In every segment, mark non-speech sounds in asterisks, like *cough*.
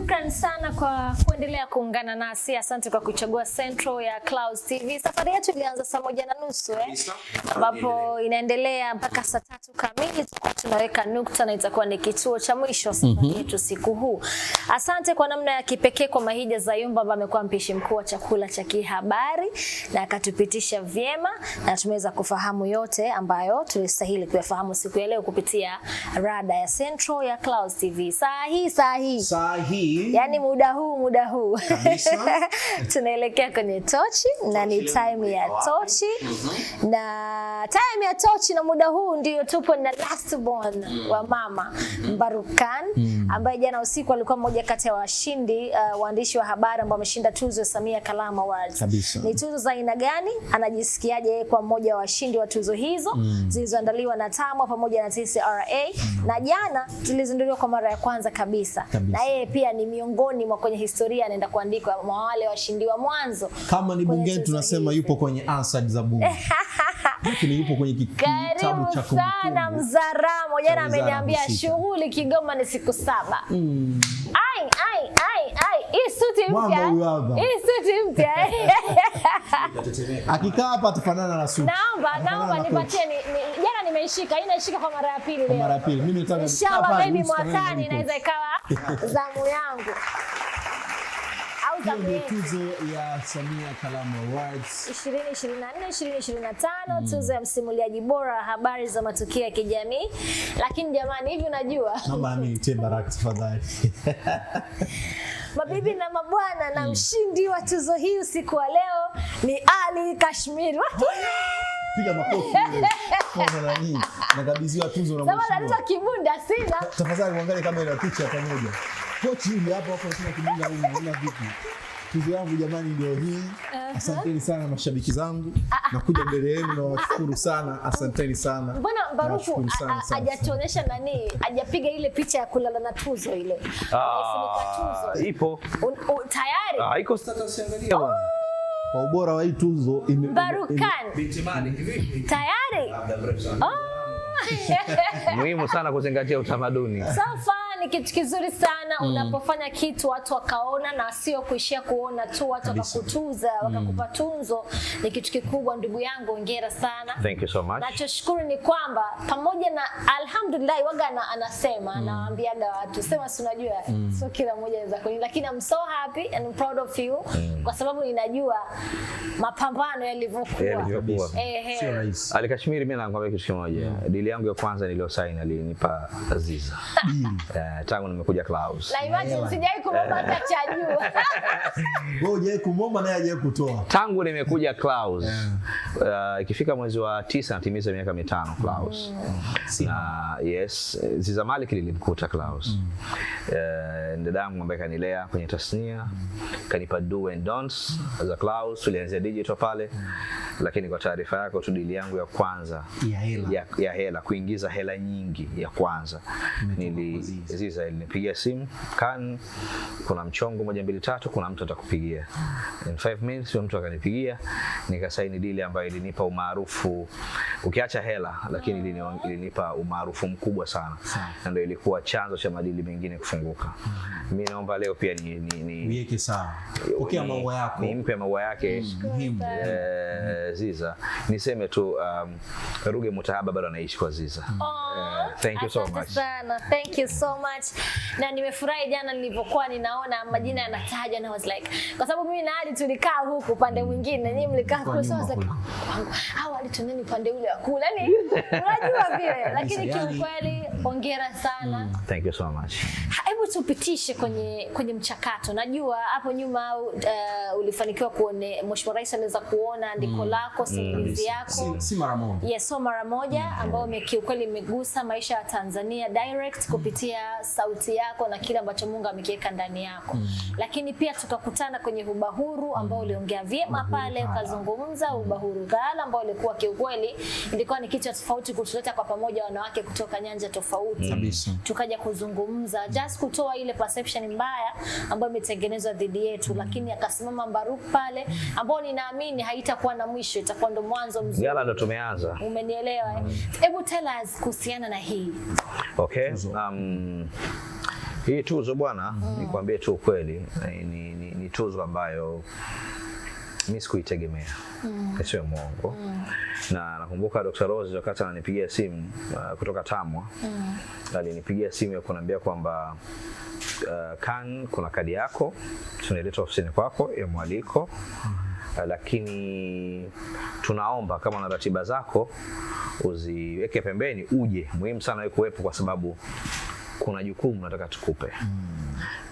Shukran sana kwa kuendelea kuungana nasi. Asante kwa kuchagua Central ya Clouds TV. Safari yetu ilianza saa moja na nusu eh, ambapo inaendelea mpaka saa tatu kamili. Tutakuwa tunaweka nukta na itakuwa ni kituo cha mwisho safari mhm. yetu siku huu. Asante kwa namna ya kipekee kwa Mahija Zayumba ambaye amekuwa mpishi mkuu wa chakula cha kihabari na akatupitisha vyema na tumeweza kufahamu yote ambayo tulistahili kuyafahamu siku ya leo kupitia rada ya Central ya Clouds TV. Saa hii saa hii. Saa hii yani muda huu muda huu *laughs* tunaelekea kwenye tochi na ni time ya tochi mhm. na time ya tochi na muda huu ndio tupo na last born mm. wa mama mm. Mbarukan mm. ambaye jana usiku alikuwa mmoja kati ya washindi uh, waandishi wa habari ambao wameshinda tuzo ya Samia Kalamu Awards. Ni tuzo za aina gani? Anajisikiaje yeye kwa mmoja wa washindi wa tuzo hizo mm. zilizoandaliwa na TAMWA pamoja na TCRA mm. na jana zilizinduliwa kwa mara ya kwanza kabisa, kabisa. na yeye pia ni miongoni mwa kwenye historia anaenda kuandikwa mwa wale washindi wa mwanzo. Kama ni bungeni tunasema yupo kwenye ansad za bunge *laughs* lakini yupo kwenye kitabu cha kumbukumbu sana. Mzaramo jana ameniambia shughuli Kigoma ni siku saba. Mm. Ai, ai, ai, ai hii suti mpya. Hii suti mpya. Akikaa hapa tufanana na suti. Naomba, naomba nipatie ni, ni, jana nimeishika, hii naishika kwa mara ya pili leo. Mara ya pili. Mimi nataka. Inshallah baby mwakani inaweza ikawa *laughs* zamu yangu tukio ni tuzo ya Samia Kalamu Awards 2024 2025, tuzo ya msimuliaji bora wa habari za matukio ya kijamii. Lakini jamani, hivi unajua, naomba nitie baraka tafadhali *laughs* Mabibi na mabwana, na mshindi wa tuzo hii usiku wa leo ni Ali Kashmir. Piga makofi. *laughs* Nakabidhiwa tuzo na mheshimiwa. Kibunda sina. Tafadhali muangalie kamera picha pamoja kochi hapo hapo nasema kimbinga una una vipi Tuzo yangu jamani ndio hii. Asanteni sana mashabiki zangu. Ah, ah. Nakuja mbele yenu na washukuru sana. Asanteni sana. Bwana Baruku hajatuonesha nani, hajapiga ile picha ya kulala na tuzo ile. Ah, ipo. Tayari? iko status angalia oh! bwana. Kwa ubora wa hii tuzo ime Barukan. Tayari? Ah. Muhimu sana kuzingatia utamaduni. Safa ni kitu kizuri sana sana mm. Unapofanya kitu watu wakaona, na sio kuishia kuona tu, watu wakakutuza mm. wakakupa tunzo, ni kitu kikubwa ndugu yangu, ongera sana. Thank you so much. Nachoshukuru ni kwamba pamoja na alhamdulillah, waga na, anasema mm. anawaambiaga watu sema, si unajua mm. sio kila mmoja anaweza kuni, lakini I'm so happy and I'm proud of you mm. kwa sababu ninajua mapambano yalivyokuwa yalivyokuwa, eh, sio rahisi. Alikashmiri, mimi nakwambia kitu kimoja, mm. dili yangu ya kwanza niliyosaini alinipa Aziza *laughs* eh, tangu nimekuja club *laughs* tangu nimekuja Clouds ikifika yeah. Uh, mwezi wa tisa natimiza miaka mitano Clouds mm. na yes, Clouds mm. Uh, ambaye kanilea kwenye tasnia mm. kanipa do and don'ts za Clouds, tulianzia digital pale mm. Lakini kwa taarifa yako tu dili yangu ya kwanza ya hela, ya, ya hela kuingiza hela nyingi ya kwanza nili Ziza ilinipigia simu Vodacom, Kan, kuna mchongo moja mbili tatu, kuna mtu atakupigia. In 5 minutes mtu akanipigia, nikasaini dili ambayo ilinipa umaarufu ukiacha hela, lakini ilinipa umaarufu mkubwa sana, na ndio ilikuwa chanzo cha madili mengine kufunguka. Mimi naomba leo pia ni ni ni niweke sawa, pokea maua yako, nimpe maua yake mm. muhimu eh, Ziza. Niseme tu um, Ruge Mutahaba bado anaishi kwa Ziza. Eh, thank you so much sana. Thank you so much na nime nimefurahi jana nilivyokuwa ninaona majina yanatajwa na was like, kwa sababu mimi na hadi tulikaa huku upande mwingine, nyinyi mlikaa huku, so I was like, kwangu hao hadi tunani upande ule wa kule, yani unajua vile, *laughs* lakini kiukweli hongera sana. Mm, thank you so much. Hebu tupitishe kwenye kwenye mchakato, najua hapo nyuma uh, ulifanikiwa kuone Mheshimiwa Rais anaweza kuona andiko mm, lako mm, simulizi mm, yako si, si mara moja yes, so mara moja mm, ambayo kiukweli imegusa maisha ya Tanzania direct kupitia sauti yako na kile ambacho Mungu amekiweka ndani yako mm. Lakini pia tukakutana kwenye ubahuru ambao mm. uliongea vyema pale, ukazungumza mm. ubahuru ghala ambao ulikuwa kiukweli ilikuwa ni kitu tofauti kutuleta kwa pamoja wanawake kutoka nyanja tofauti mm. Tukaja kuzungumza just kutoa ile perception mbaya ambayo imetengenezwa dhidi yetu mm. Lakini akasimama Baruk pale ambao ninaamini haitakuwa na mwisho, itakuwa ndo mwanzo mzuri. Ghala ndo tumeanza, umenielewa? Eh? Mm. Hebu mm. tell us kuhusiana na hii okay. um, hii tuzo bwana, mm. nikwambie tu ukweli ni, ni, ni, ni tuzo ambayo mi sikuitegemea mm. isiwe mwongo mm. na nakumbuka Dr. Rose wakati ananipigia simu uh, kutoka Tamwa mm. alinipigia simu ya kuniambia kwamba uh, kan kuna kadi yako tunaileta ofisini kwako ya mwaliko mm. Uh, lakini tunaomba kama na ratiba zako uziweke pembeni, uje. Muhimu sana wewe kuwepo, kwa sababu kuna jukumu nataka tukupe. Mm.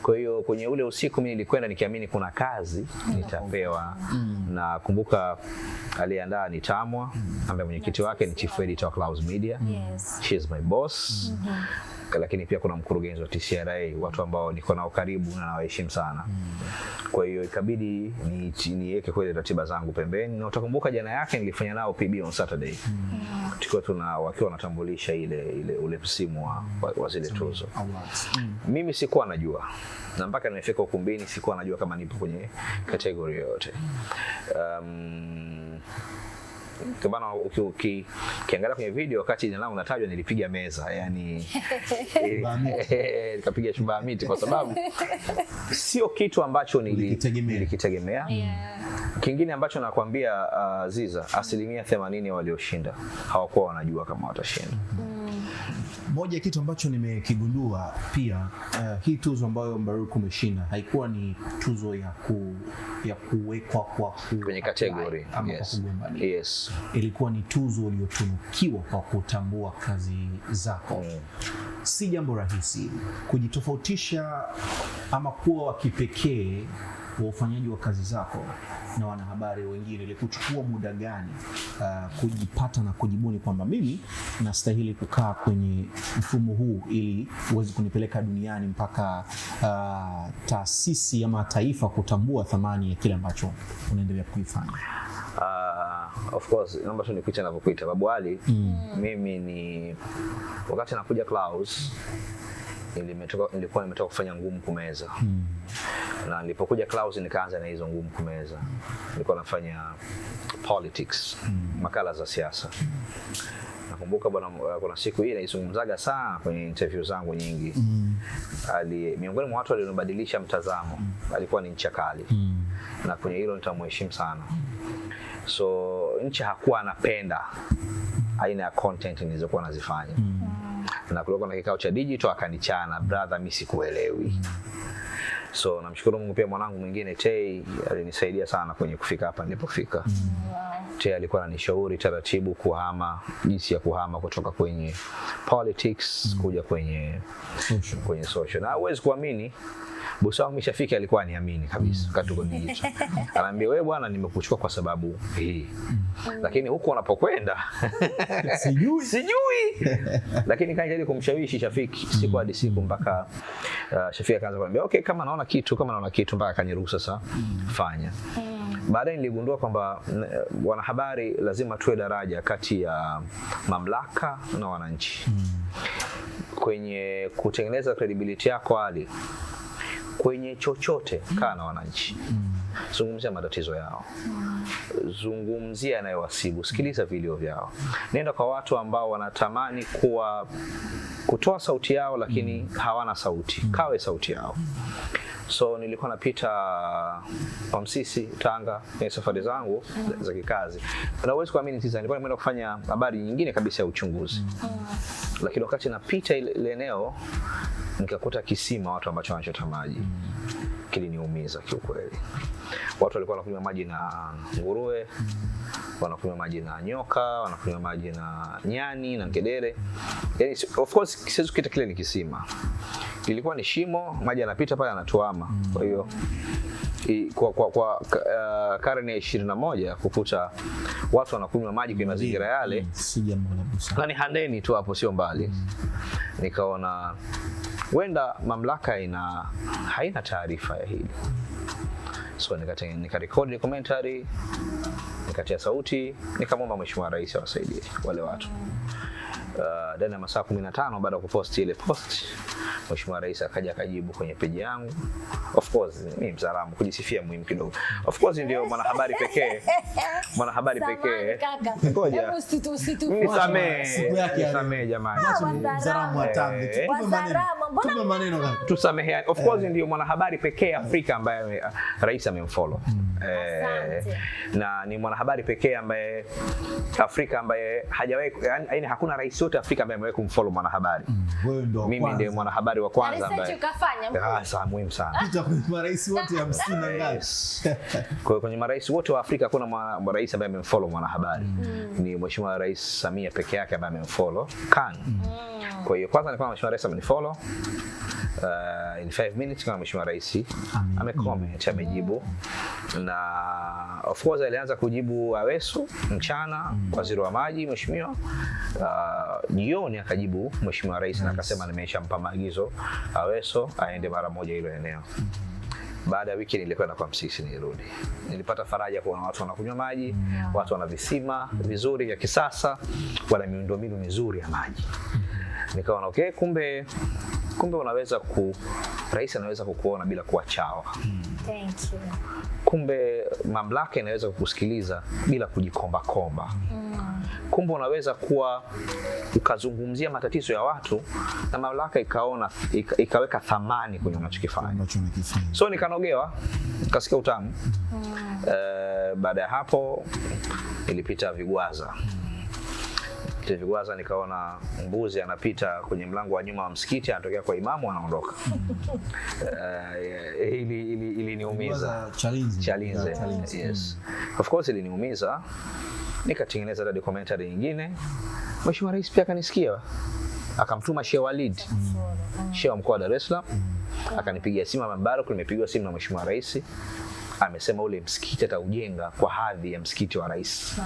Kwa hiyo kwenye ule usiku mimi nilikwenda nikiamini kuna kazi nitapewa. Mm. Na kumbuka aliandaa ni Tamwa ambaye mwenyekiti wake ni Chief Editor wa Clouds Media. Yes. She is my boss. Mm -hmm. Oscar, lakini pia kuna mkurugenzi wa TCRA, watu ambao niko nao karibu na nawaheshimu sana mm. Kwa hiyo ikabidi niweke kweli ratiba zangu pembeni, na utakumbuka jana yake nilifanya nao PB on Saturday mm. tukiwa tuna wakiwa wanatambulisha ile, ile ule msimu wa, wa, wa zile tuzo mm. Mimi sikuwa najua na mpaka nimefika ukumbini sikuwa najua kama nipo kwenye kategori yoyote um, bana, ukiangalia kwenye video, wakati jina langu natajwa nilipiga meza, yani *laughs* eh, eh, nikapiga chumba miti, kwa sababu *laughs* sio kitu ambacho nilikitegemea. Kingine ambacho nakwambia, uh, Ziza, asilimia themanini walioshinda hawakuwa wanajua kama watashinda. Mm moja kitu ambacho nimekigundua pia uh, hii tuzo ambayo Mbaruku umeshinda haikuwa ni tuzo ya ku, ya kuwekwa kwa ku, kwenye category ama yes. Kwa yes. Ilikuwa ni tuzo uliotunukiwa kwa kutambua kazi zako mm. Si jambo rahisi kujitofautisha ama kuwa wa kipekee wa ufanyaji wa kazi zako na wanahabari wengine, ilikuchukua muda gani uh, kujipata na kujibuni kwamba mimi nastahili kukaa kwenye mfumo huu ili uweze kunipeleka duniani mpaka uh, taasisi ama taifa kutambua thamani ya kile ambacho unaendelea kuifanya? Uh, of course namba tu nikuita navyokuita Babu Ali. mm. Mimi ni wakati nakuja Clouds nilikuwa nimetoka kufanya ngumu kumeza. mm na nilipokuja Clouds nikaanza na hizo ngumu kumeza. Nilikuwa nafanya politics, mm. makala za siasa. mm. Nakumbuka bwana, eh, kuna siku hii naizungumzaga sana kwenye interview zangu nyingi mm. Ali, miongoni mwa watu walionibadilisha mtazamo mm. alikuwa ni Ncha Kali mm. na kwenye hilo nitamheshimu sana. mm. So Ncha hakuwa anapenda aina ya content nilizokuwa nazifanya mm. na kulikuwa na kikao cha digital akanichana, brother, mimi sikuelewi mm So namshukuru Mungu pia mwanangu mwingine Tay alinisaidia sana kwenye kufika hapa nilipofika. Mm. Wow. Tay alikuwa ananishauri taratibu kuhama, jinsi ya kuhama kutoka kwenye politics mm. kuja kwenye social. kwenye social. Na huwezi kuamini bosi wangu mishafika, alikuwa aniamini kabisa, katuko kwenye jicho, *laughs* anaambia wewe bwana, nimekuchukua kwa sababu hii, lakini huko unapokwenda *laughs* sijui sijui, *laughs* lakini kanijaribu kumshawishi Shafiki siku hadi siku mm. mpaka uh, Shafiki akaanza kuniambia okay, kama naona kitu kama naona kitu, mpaka akaniruhusu sasa mm. fanya mm. Baadaye niligundua kwamba uh, wanahabari lazima tuwe daraja kati ya mamlaka na wananchi Kwenye kutengeneza credibility yako hali kwenye chochote, kaa na wananchi Zungumzia matatizo yao, zungumzia yanayowasibu, sikiliza vilio vyao, nenda kwa watu ambao wanatamani kuwa kutoa sauti yao lakini hawana sauti kawe sauti yao So nilikuwa napita msisi Tanga kwenye safari zangu za kikazi, na uwezi kuamini sasa, nilikuwa nimeenda kufanya habari nyingine kabisa ya uchunguzi lakini wakati napita ile eneo nikakuta kisima watu ambacho wanachota maji mm. Kiliniumiza kiukweli. Watu walikuwa wanakunywa maji na nguruwe mm. Wanakunywa maji na nyoka, wanakunywa maji na nyani na ngedere. Yani, of course siwezi kile ni kisima, ilikuwa ni shimo, maji yanapita pale yanatuama mm. Kwa hiyo kwa, kwa, kwa uh, karne ya ishirini na moja kukuta watu wanakunywa maji kwenye mazingira yale, na ni yaani, Handeni tu hapo, sio mbali mm. Nikaona huenda mamlaka ina haina taarifa ya hili so nikarekodi commentary, nikatia sauti nikamwomba Mheshimiwa Rais awasaidie wale watu uh, ya masaa 15 baada ya kuposti ile post, Mheshimiwa Rais akaja akajibu kwenye peji yangu. Of course mimi msalamu kujisifia muhimu kidogo. Of course ndio mwanahabari pekee *laughs* mwanahabari pekee. Ngoja nisamee jamani, tusamehe. Of course eh. ndio mwanahabari pekee Afrika ambaye uh, rais amemfollow hmm. eh, na ni mwanahabari pekee ambaye Afrika ambaye hajawahi, yani, hakuna rais yote Afrika ambaye amewahi kumfollow mwanahabari. Mm, Mimi ndiye mwanahabari wa kwanza ambaye ah, sasa muhimu sana. Marais wote na ngapi? *laughs* Kwa hiyo kwenye marais wote wa Afrika hakuna rais ambaye amemfollow mwanahabari. Mm. Mm. Ni Mheshimiwa Rais Samia peke yake ambaye amemfollow Khan. Kwa hiyo kwanza ni kwa Mheshimiwa Rais amenifollow uh, in five minutes kama mheshimiwa rais amecomment amejibu, na of course alianza kujibu Aweso mchana, mm. waziri wa maji mheshimiwa uh, jioni, uh, akajibu mheshimiwa rais na akasema nimeshampa maagizo Aweso aende mara moja ile eneo. Mm-hmm. Baada ya wiki nilikwenda kwa Msisi, nilirudi, nilipata faraja kuona watu wanakunywa maji yeah. Watu wana visima vizuri vya kisasa, wana miundombinu mizuri ya maji, mm-hmm. nikaona okay, kumbe kumbe unaweza ku rais anaweza kukuona bila kuwa chawa. Thank you. Kumbe mamlaka inaweza kukusikiliza bila kujikombakomba. Mm. Kumbe unaweza kuwa ukazungumzia matatizo ya watu na mamlaka ikaona ika, ikaweka thamani kwenye unachokifanya. So nikanogewa kasikia utamu. Mm. Uh, baada ya hapo nilipita Vigwaza. Mm nilivyowaza nikaona mbuzi anapita kwenye mlango wa nyuma wa msikiti anatokea kwa imamu anaondoka. Uh, iliniumiza chalinze, yes mm. of course iliniumiza. Nikatengeneza hata documentary nyingine. Mheshimiwa Rais pia akanisikia akamtuma Sheikh Walid, mm. Sheikh wa mkoa wa Dar es Salaam, mm. akanipigia simu. Mubarak, nimepigwa simu na Mheshimiwa Rais amesema ule msikiti ataujenga kwa hadhi ya msikiti wa rais.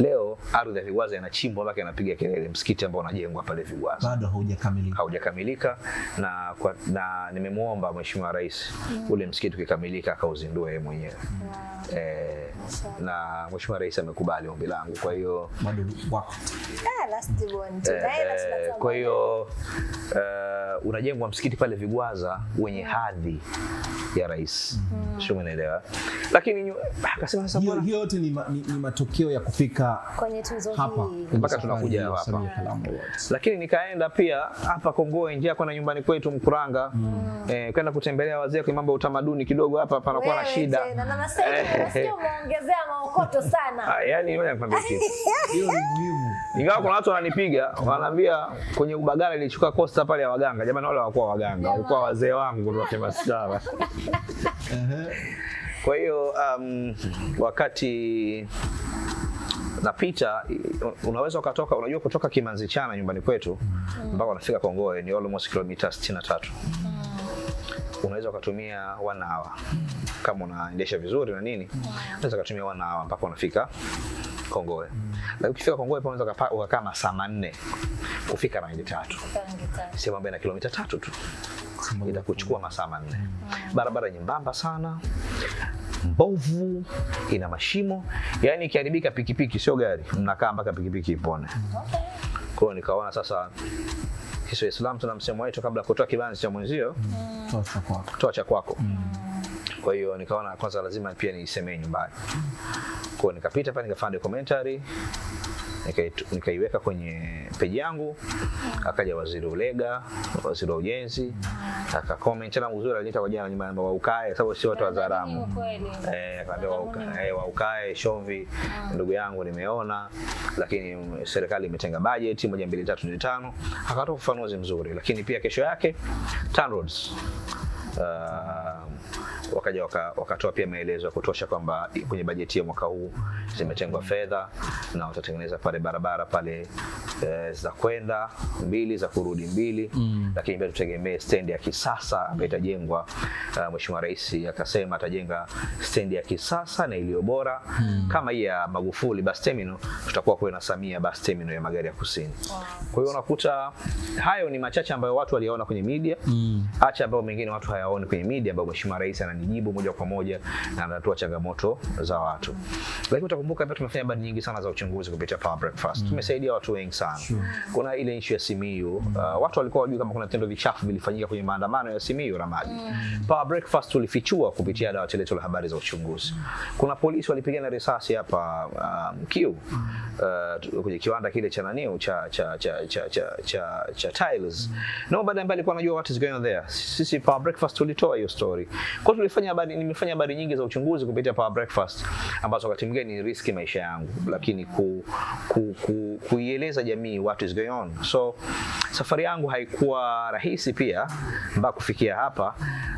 Leo ardhi ya Viwaza inachimbwa mpaka inapiga kelele, msikiti ambao unajengwa pale Viwaza bado haujakamilika, haujakamilika na, na nimemwomba Mheshimiwa Rais mm. ule msikiti ukikamilika akauzindue yeye mwenyewe mm eh, na Mheshimiwa Rais amekubali ombi langu, kwa hiyo eh, eh, eh, kwa hiyo eh, unajengwa msikiti pale Vigwaza wenye mm. hadhi ya rais mm. Mm-hmm. Sio, Lakini ah, akasema sasa, bwana, hiyo yote ni, ma, ni, ni matokeo ya kufika kwenye tuzo hii mpaka tunakuja hapa, lakini nikaenda pia hapa Kongoe, njia kwa na nyumbani kwetu Mkuranga mm. eh, kwenda kutembelea wazee kwa mambo ya utamaduni kidogo, hapa panakuwa na shida umeongezea maokoto sana. Ah, yaani ngoja nikwambie kitu. Hiyo ni muhimu. Ingawa kuna watu wananipiga, wananiambia kwenye ubagala nilichukua kosta pale ya waganga. Jamani wale hawakuwa waganga, walikuwa wazee wangu tunasema Kwa hiyo um, wakati napita unaweza ukatoka, unajua kutoka Kimanzi Chana nyumbani kwetu mm. mpaka unafika Kongoe ni almost kilomita 63 unaweza ukatumia one hour kama unaendesha vizuri na nini, unaweza ukatumia one hour mpaka unafika Kongowe. Lakini ukifika Kongowe pia unaweza ukakaa masaa manne kufika rangi tatu, si mambo na kilomita tatu tu itakuchukua masaa manne. Mm. Barabara nyembamba sana, mbovu, ina mashimo, yaani ikiharibika pikipiki, sio gari, mnakaa mpaka pikipiki ipone. Okay. Kwa hiyo nikaona sasa sisi Waislamu tuna msemo wetu kabla ya kutoa kibanzi cha mwenzio, mm. toa cha kwako. Mm. Kwa hiyo nikaona kwanza lazima pia niisemee nyumbani. Kwa hiyo nikapita pale nikafanya commentary nikaiweka kwenye peji yangu, akaja waziri Ulega, waziri wa ujenzi aka comment na mzuri, alinita kwa jina nyumba namba ukae, sababu sio watu wa dharamu eh, akaambia wa ukae, eh, wa ukae Shomvi, ndugu yangu, nimeona lakini serikali imetenga budget moja mbili tatu nne tano. Akatoa ufafanuzi mzuri, lakini pia kesho yake TANROADS uh, wakaja wakatoa waka pia maelezo ya kutosha kwamba kwenye bajeti ya mwaka huu zimetengwa fedha na watatengeneza pale barabara pale e, za kwenda mbili za kurudi mbili mm. Lakini pia tutegemee stendi ya kisasa ambayo itajengwa uh, Mheshimiwa Rais akasema atajenga stendi ya kisasa na iliyo bora hmm. kama hii ya Magufuli bus terminal, tutakuwa kwa na Samia bus terminal ya magari ya kusini wow. Kwa hiyo unakuta hayo ni machache ambayo watu waliona kwenye media hmm. acha ambayo mengine watu hayaoni kwenye media, ambayo Mheshimiwa Rais ananijibu moja kwa moja na anatoa changamoto za watu hmm. Lakini utakumbuka pia tumefanya habari nyingi sana za uchunguzi kupitia Power Breakfast hmm. tumesaidia watu wengi sana sure. Kuna ile issue ya Simiyu hmm. uh, watu walikuwa wajui kama kuna vitendo vichafu vilifanyika kwenye maandamano ya Simiyu Ramadi hmm. Breakfast tulifichua kupitia dawa letu la habari za uchunguzi. Kuna polisi walipigana risasi hapa um, Kiu uh, kwenye kiwanda kile cha nani cha cha cha cha cha, cha, cha tiles na baada ya mbali kwa anajua what is going on there. Sisi Power Breakfast tulitoa hiyo story. Kwa tulifanya habari, nimefanya habari nyingi za uchunguzi kupitia Power Breakfast ambazo wakati mwingine ni riski maisha yangu, lakini ku, ku, ku, kuieleza jamii what is going on. So safari yangu haikuwa rahisi pia mpaka kufikia hapa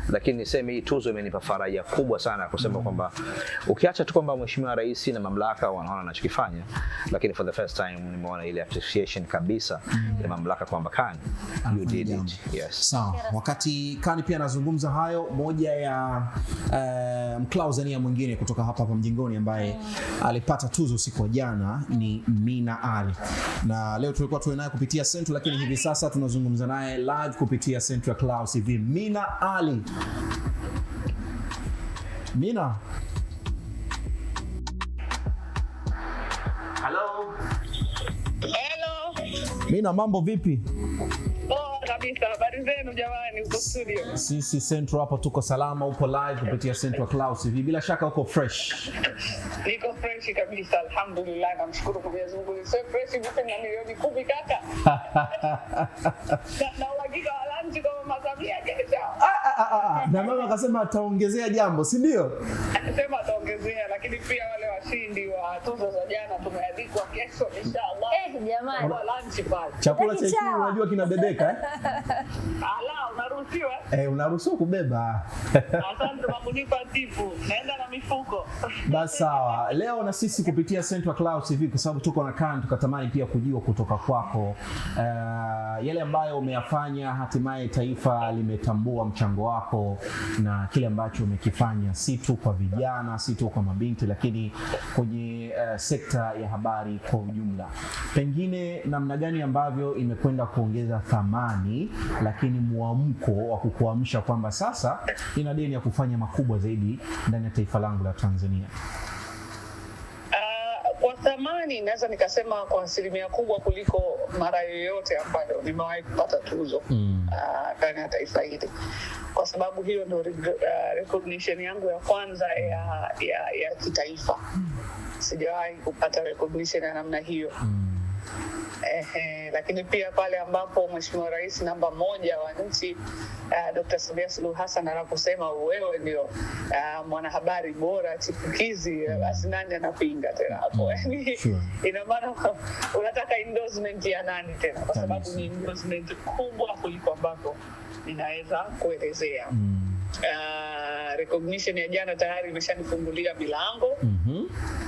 lakini niseme hii tuzo imenipa faraja kubwa sana kusema kwamba ukiacha tu kwamba mheshimiwa rais na mamlaka wanaona anachokifanya, lakini for the first time nimeona ile appreciation kabisa ya mm. mamlaka kwamba kan you did it. Yes. Sawa, wakati kan pia anazungumza hayo, moja ya uh, eh, mklauzania mwingine kutoka hapa hapa mjingoni ambaye mm. alipata tuzo siku ya jana ni Mina Ali, na leo tulikuwa tuwe naye kupitia Sentu, lakini hivi sasa tunazungumza naye live kupitia Sentu ya Clouds TV. Mina Ali Mina. Hello. Hello. Mina, mambo vipi? Sisi Central hapa tuko salama, upo live kupitia Central Clouds hivi. Bila shaka uko fresh. Niko fresh kabisa. Alhamdulillah, namshukuru kwa Mwenyezi Mungu. Sio fresh vipi na milioni kumi kaka? *laughs* Na uhakika wa lunch kama masamia kesho. Ah, Ah, ah, ah. na mama akasema ataongezea jambo, si ndio? Akasema ataongezea, lakini pia wale washindi wa tuzo za jana tumeadhikwa kesho inshallah. Eh, jamani, chakula yaani cha unajua kinabebeka eh? Ala, unarudi unaruhusiwa? Eh, unaruhusiwa kubeba. Asante kwa kunipa tipu. Naenda na mifuko. Basi sawa. Leo na sisi kupitia Central Cloud TV kwa sababu tuko na kan tukatamani pia kujua kutoka kwako uh, yale ambayo umeyafanya, hatimaye taifa limetambua mchango wako na kile ambacho umekifanya si tu kwa vijana, si tu kwa mabinti, lakini kwenye uh, sekta ya habari kwa ujumla. Pengine namna gani ambavyo imekwenda kuongeza thamani lakini mwamko wa kukuamsha kwamba sasa ina deni ya kufanya makubwa zaidi ndani ya taifa langu la Tanzania? Uh, kwa thamani naweza nikasema kwa asilimia kubwa kuliko mara yoyote ambayo nimewahi kupata tuzo mm. uh, ndani ya taifa hili, kwa sababu hiyo ndo uh, recognition yangu ya kwanza ya, ya, ya kitaifa mm. Sijawahi kupata recognition ya namna hiyo mm. Ehe, lakini pia pale ambapo Mheshimiwa Rais namba moja wa nchi uh, eh, Dr. Samia Suluhu Hassan anaposema wewe ndio uh, mwanahabari bora chipukizi, eh, mm. basi nani anapinga tena hapo? Mm. Yani ina maana *laughs* unataka endorsement ya nani tena, kwa sababu ni endorsement kubwa kuliko ambako ninaweza kuelezea. mm. uh, recognition ya jana tayari imeshanifungulia milango mm -hmm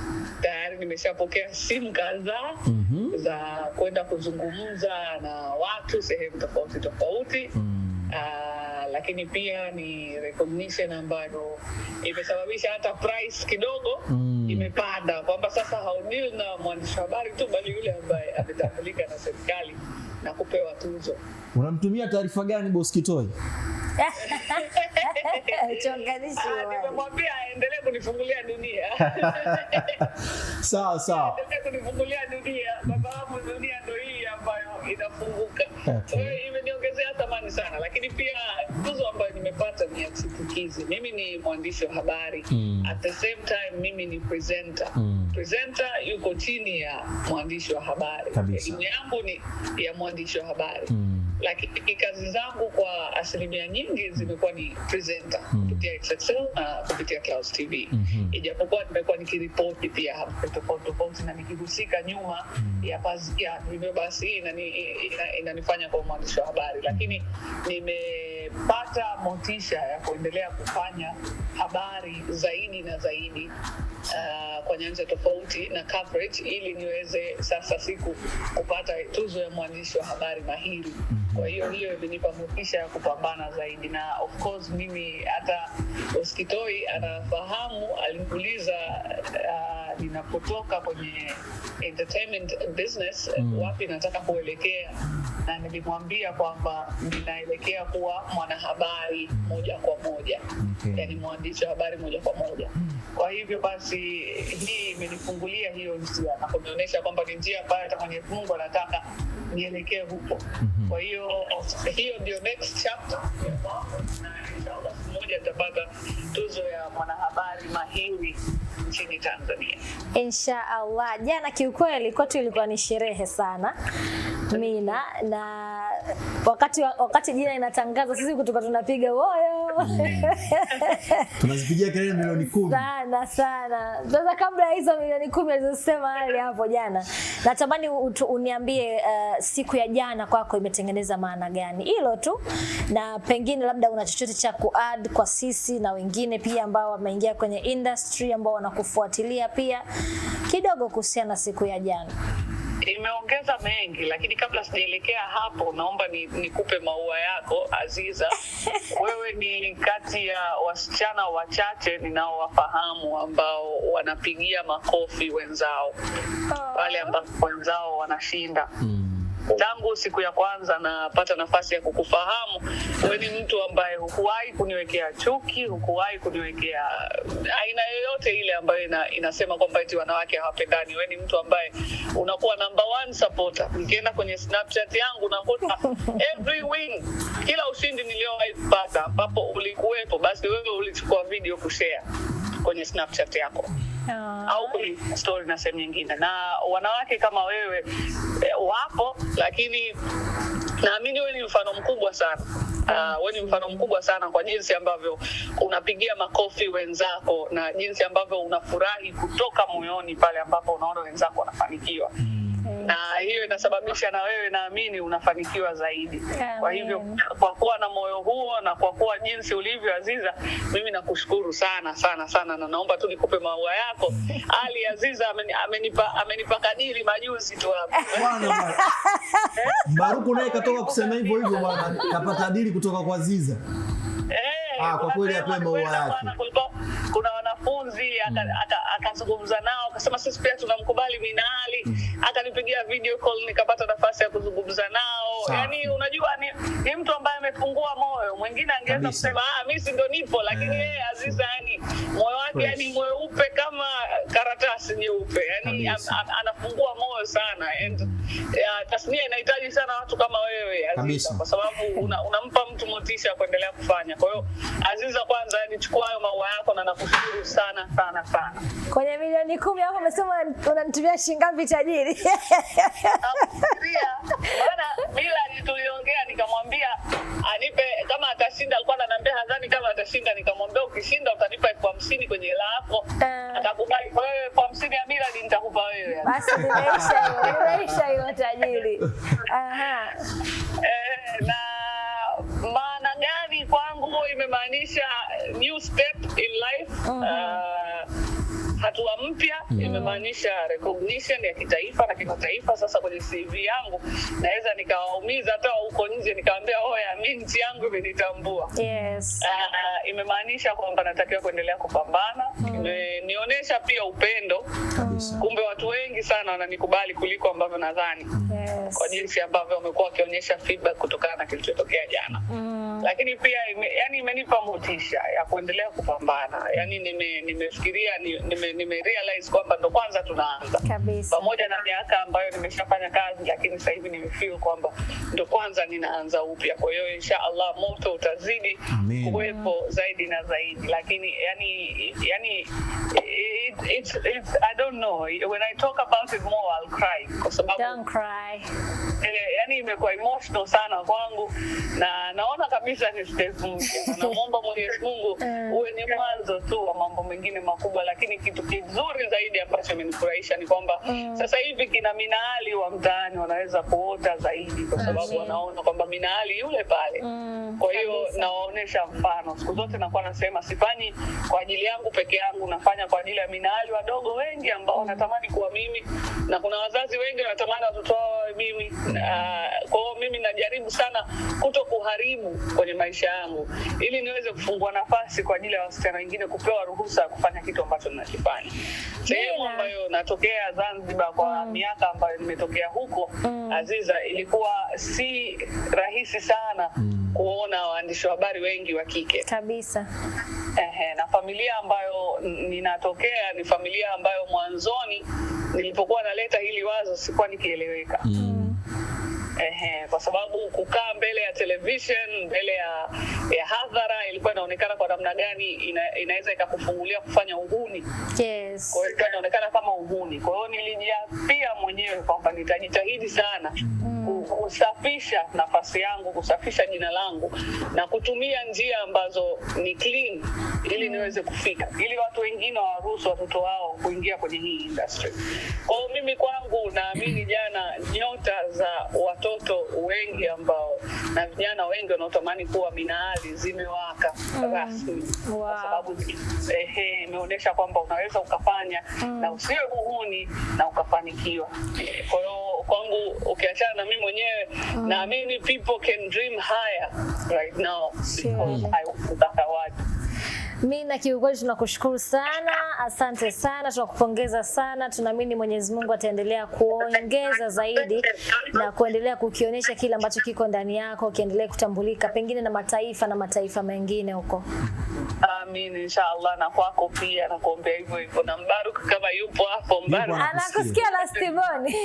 nimeshapokea *laughs* simu kadhaa mm -hmm. za kwenda kuzungumza na watu sehemu tofauti tofauti mm. uh, lakini pia ni recognition ambayo imesababisha hata price kidogo mm. imepanda, kwamba sasa haudili na mwandishi habari tu, bali yule ambaye ametambulika na serikali na kupewa tuzo. Unamtumia taarifa gani boss Kitoi? Ah, nimemwambia aendelee kunifungulia dunia. *laughs* Sawa sawa. Aendelee kunifungulia dunia. Baba dunia ndio hii inafunguka. Kwa hiyo okay. imeniongezea thamani sana, lakini pia tuzo ambayo nimepata ni ya chipukizi. Mimi ni mwandishi wa habari mm. at the same time mimi ni presenter mm. presenter yuko chini ya mwandishi wa habari, elimu yangu ni ya mwandishi wa habari mm lakini kazi zangu kwa asilimia nyingi zimekuwa ni presenter mm. kupitia XXL na kupitia Clouds TV mm -hmm. Ijapokuwa nimekuwa nikiripoti pia habari tofauti tofauti na nikihusika nyuma mm. ya pazia, hivyo basi hii inanifanya ina, ina kwa mwandishi wa habari, hmm. lakini nimepata motisha ya kuendelea kufanya habari zaidi na zaidi Uh, kwa nyanja tofauti na coverage ili niweze sasa siku kupata tuzo ya mwandishi wa habari mahiri. Hmm. Kwa hiyo hiyo imenipa motisha ya kupambana zaidi, na of course mimi hata Oskitoi anafahamu, aliniuliza uh, ninapotoka kwenye entertainment business mm. wapi nataka kuelekea, na nilimwambia kwamba ninaelekea kuwa mwanahabari moja kwa moja okay. Yani mwandishi wa habari moja kwa moja. Kwa hivyo basi hii imenifungulia hiyo njia na kumeonyesha kwamba ni njia ambayo hata mwenyezimungu anataka nielekee huko. Mm-hmm. Kwa hiyo hiyo, hiyo ndio next chapter inshallah tuzo ya mwanahabari mahiri nchini Tanzania insha Allah. Jana kiukweli kwetu ilikuwa ni sherehe sana Mina na wakati, wakati jina inatangaza sisi kutoka tunapiga woyo mm. *laughs* tunazipigia kelele milioni kumi sana sana. Sasa kabla hizo milioni kumi alizosema hali hapo jana, natamani uniambie uh, siku ya jana kwako imetengeneza maana gani? Hilo tu, na pengine labda una chochote cha kuad kwa sisi na wengine pia ambao wameingia kwenye industry ambao wanakufuatilia pia kidogo kuhusiana na siku ya jana imeongeza mengi, lakini kabla sijaelekea hapo, naomba nikupe ni maua yako Aziza. *laughs* Wewe ni kati ya wasichana wachache ninaowafahamu ambao wanapigia makofi wenzao oh. pale ambapo wenzao wanashinda mm tangu siku ya kwanza napata nafasi ya kukufahamu we ni mtu ambaye hukuwahi kuniwekea chuki, hukuwahi kuniwekea aina yoyote ile ambayo ina, inasema kwamba eti wanawake hawapendani. we ni mtu ambaye unakuwa number one supporter. Nikienda kwenye Snapchat yangu nakuta every win, kila ushindi niliowahi kupata ambapo ulikuwepo, basi wewe ulichukua video kushare kwenye Snapchat yako. Ah. au story na sehemu nyingine, na wanawake kama wewe eh, wapo, lakini naamini wewe ni mfano mkubwa sana uh, wewe ni mfano mkubwa sana kwa jinsi ambavyo unapigia makofi wenzako na jinsi ambavyo unafurahi kutoka moyoni pale ambapo unaona wenzako wanafanikiwa mm. na hiyo inasababisha na wewe naamini unafanikiwa zaidi. Kwa hivyo kwa kuwa na moyo huo na kwa kuwa jinsi ulivyo Aziza, mimi nakushukuru sana sana sana, na naomba tu nikupe maua yako. Ali Aziza amenipa amenipa kadiri majuzi tu Baruku eh? naye katoka kusema hivyo hivyo bwana, kapata adili kutoka kwa Aziza. Eh, ah, kwa kweli ape maua yake. Kuna wanafunzi mm. akazungumza aka, aka nao akasema sisi pia tunamkubali Minali mm. akanipigia video call nikapata nafasi ya kuzungumza nao Sa. Yani unajua ni, ni mtu ambaye amefungua moyo. Mwingine angeweza kusema ah, mimi si ndo nipo, lakini eh. yeye yeah. Aziza yani moyo wake yani mweupe kama karatasi nyeupe yani anafungua moyo sana and uh, tasnia inahitaji sana watu kama wewe Aziza, kwa sababu una, unampa mtu motisha kuendelea kufanya. Kwa hiyo Aziza, kwanza nichukua yaani hayo maua yako na nakushukuru sana sana sana. Kwenye milioni kumi hapo umesema unanitumia shilingi ngapi tajiri? *laughs* Maana bila tuliongea nikamwambia anipe kama atashinda, alikuwa ananiambia hadhani kama atashinda, nikamwambia ukishinda utanipa elfu hamsini kwenye hela yako. Eh. Atakubali kwa wewe elfu hamsini ya bila nitakupa wewe. Basi nimeisha hiyo, nimeisha hiyo tajiri. *laughs* Aha. Eh, na kwangu imemaanisha new step in life uh hatua mpya imemaanisha recognition ya kitaifa na kimataifa. Sasa kwenye CV yangu naweza nikawaumiza hata huko nje, nikawaambia oya, oh, mi nchi yangu imenitambua. yes. uh, uh imemaanisha kwamba natakiwa kuendelea kupambana uh imenionyesha pia upendo mm. kumbe watu wengi sana wananikubali kuliko ambavyo nadhani yes. kwa jinsi ambavyo wamekuwa wakionyesha feedback kutokana na kilichotokea jana mm. Mm. lakini pia ime, yani imenipa motisha ya kuendelea kupambana. Yani nime, nimefikiria nime, nime realize kwamba ndo kwanza tunaanza kabisa, pamoja na miaka ambayo nimeshafanya kazi, lakini sasa hivi nimefeel kwamba ndo kwanza ninaanza upya. Kwa hiyo insha Allah moto utazidi kuwepo zaidi na zaidi, lakini yani, yani it's, it's, I don't know when I talk about it more I'll cry don't cry, eh, yani imekuwa emotional sana kwangu na naona kabisa kabisa nisite vunje. *laughs* Namwomba Mwenyezi Mungu eh. uwe ni mwanzo tu wa mambo mengine makubwa, lakini kitu kizuri zaidi ambacho amenifurahisha ni kwamba mm. sasa hivi kina minaali wa mtaani wanaweza kuota zaidi, kwa sababu mm. wanaona kwamba minaali yule pale mm. kwa hiyo nawaonesha mfano. Siku zote nakuwa nasema sifanyi kwa ajili yangu peke yangu, nafanya kwa ajili ya minaali wadogo wengi ambao mm. wanatamani kuwa mimi, na kuna wazazi wengi wanatamani watoto wao wawe mimi. Kwa hiyo mimi najaribu sana kuto kuharibu kwenye maisha yangu, ili niweze kufungua nafasi kwa ajili ya wasichana wengine kupewa ruhusa ya kufanya kitu ambacho ninakifanya. Sehemu ambayo natokea Zanzibar, kwa mm. miaka ambayo nimetokea huko mm. Aziza, ilikuwa si rahisi sana mm. kuona waandishi wa habari wengi wa kike kabisa. Ehe, na familia ambayo ninatokea ni familia ambayo mwanzoni nilipokuwa naleta hili wazo sikuwa nikieleweka mm. mm ehe, kwa sababu kukaa mbele ya television mbele ya, ya hadhara ilikuwa inaonekana kwa namna gani ina, inaweza ikakufungulia kufanya uhuni. Yes. Kwa hiyo ilikuwa inaonekana kama uhuni, kwa hiyo nilijiapia mwenyewe kwamba nitajitahidi sana mm kusafisha nafasi yangu, kusafisha jina langu na kutumia njia ambazo ni clean, ili mm. niweze kufika, ili watu wengine wawaruhusu watoto wao kuingia kwenye hii industry. Kwa hiyo mimi kwangu naamini jana, nyota za watoto wengi ambao na vijana wengi wanaotamani kuwa minaali zimewaka mm. rasmi wow. kwa sababu ehe, imeonyesha kwamba unaweza ukafanya mm. na usiwe huhuni na ukafanikiwa. Kwa hiyo kwangu ukiachana na mimi mwenyewe year. Oh. now, many people can dream higher right now because I want that award. Mi na kiukweli tunakushukuru sana, asante sana, tunakupongeza sana. Tunaamini Mwenyezi Mungu ataendelea kuongeza zaidi na kuendelea kukionyesha kile ambacho kiko ndani yako, kiendelee kutambulika pengine na mataifa na mataifa mengine huko. Amin, inshallah. Na kwako pia nakuombea hivyo hivyo, na Mbaruk kama yupo hapo, Mbaruk anakusikia lastiboni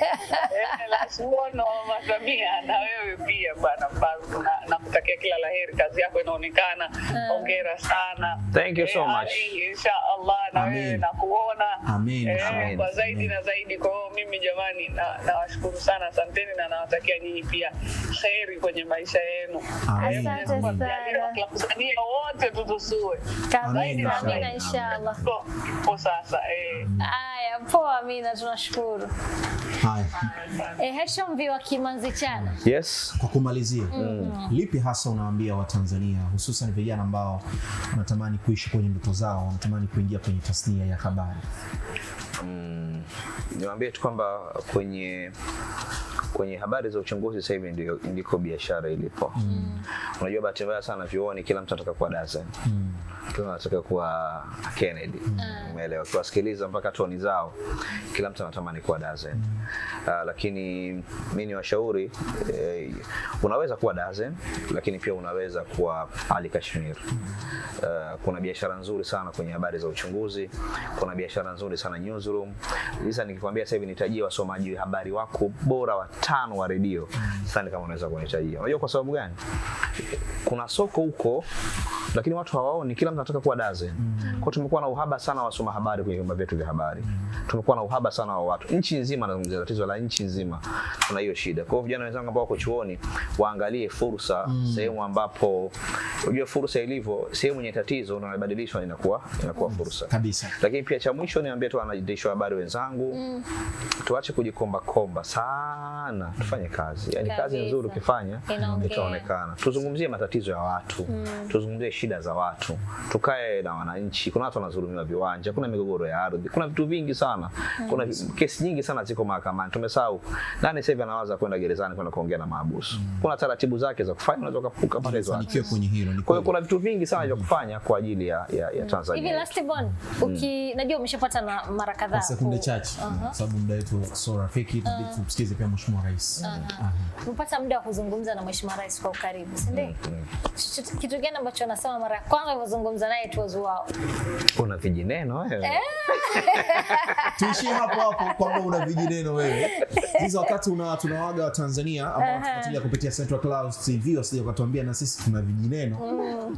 eh, lastiboni, Masamia na wewe pia bwana Mbaruk na kutakia kila laheri, kazi yako inaonekana. Eh. Hongera sana, thank you so eh, much. Inshaallah na wewe na kuona eh, kwa zaidi na zaidi. Kwa hiyo mimi jamani, nawashukuru sana, asanteni na nawatakia nyinyi pia heri kwenye maisha yenu. Asante wote, tutusue inshallah. Sasa haya, poa. Amina, tunashukuru. Hesham wa Kimanzi Chana, yes, kwa kumalizia, mm. lipi hasa unawaambia Watanzania hususan vijana ambao wanatamani kuishi kwenye ndoto zao, wanatamani kuingia kwenye tasnia ya habari? Mm, niwaambie tu kwamba kwenye kwenye habari za uchunguzi sasa hivi ndio ndiko biashara ilipo. Mm. mm. Unajua bahati mbaya sana vyuoni kila mtu anataka kuwa Dazen. Mm. Kila mtu anataka kuwa Kennedy. mm. Umeelewa? Mm. mpaka toni zao. Kila mtu anatamani kuwa Dazen. Mm. Uh, lakini mi ni washauri eh, unaweza kuwa Dazen lakini pia unaweza kuwa Ali Kashmir. Mm. Uh, kuna biashara nzuri sana kwenye habari za uchunguzi. Kuna biashara nzuri sana newsroom. Sasa nikikwambia sasa hivi nitajie wasomaji habari wako bora watano wa redio. Mm. sasa kama unaweza kunitajia. Unajua kwa sababu gani? kuna soko huko lakini watu hawaoni, kila mtu anataka kuwa dazen. Mm. Kwa tumekuwa na uhaba sana wa wasoma habari kwenye vyombo vyetu vya habari. Mm. Tumekuwa na uhaba sana wa watu nchi nzima, nazungumzia tatizo la nchi nzima, tuna hiyo shida. Kwa hiyo vijana wenzangu ambao wako chuoni waangalie fursa mm. sehemu ambapo unajua fursa ilivyo, sehemu yenye tatizo na inabadilishwa inakuwa inakuwa fursa kabisa. Lakini pia cha mwisho niambie tu wanaandishi habari wenzangu mm. tuache kujikomba komba sana, tufanye kazi. Yaani kazi nzuri ukifanya itaonekana. Tuzungumzie tuzungumzie matatizo ya watu mm. tuzungumzie shida za watu, tukae na wananchi. Kuna watu wanazulumiwa viwanja, kuna migogoro ya ardhi, kuna vitu vingi sana mm. kuna kesi nyingi sana ziko mahakamani. Tumesahau nani sasa hivi anawaza kwenda gerezani kwenda kuongea na maabusu mm. kuna taratibu zake za kufanya, unaweza kupuka pale zake Kwa hiyo kuna vitu vingi sana vya mm. kufanya kwa ajili ya, ya, ya hmm. Tanzania hivi. Last born hmm. uki najua umeshapata na mara kadhaa kwa sekunde chache, sababu muda wetu so rafiki, tubidi ah. tumsikize pia mheshimiwa rais. Mpata muda wa kuzungumza na mheshimiwa rais kwa ukaribu, si ndio? Mm. Kitu gani ambacho anasema mara ya kwanza ulipozungumza naye it was wow. Una vijineno wewe. Eh. *laughs* Tuishie hapo hapo kwamba una vijineno wewe. Hizo wakati una tunawaga wa Tanzania ambao tunafuatilia kupitia Central Clouds TV wasije kutuambia na sisi tuna vijineno. Mm.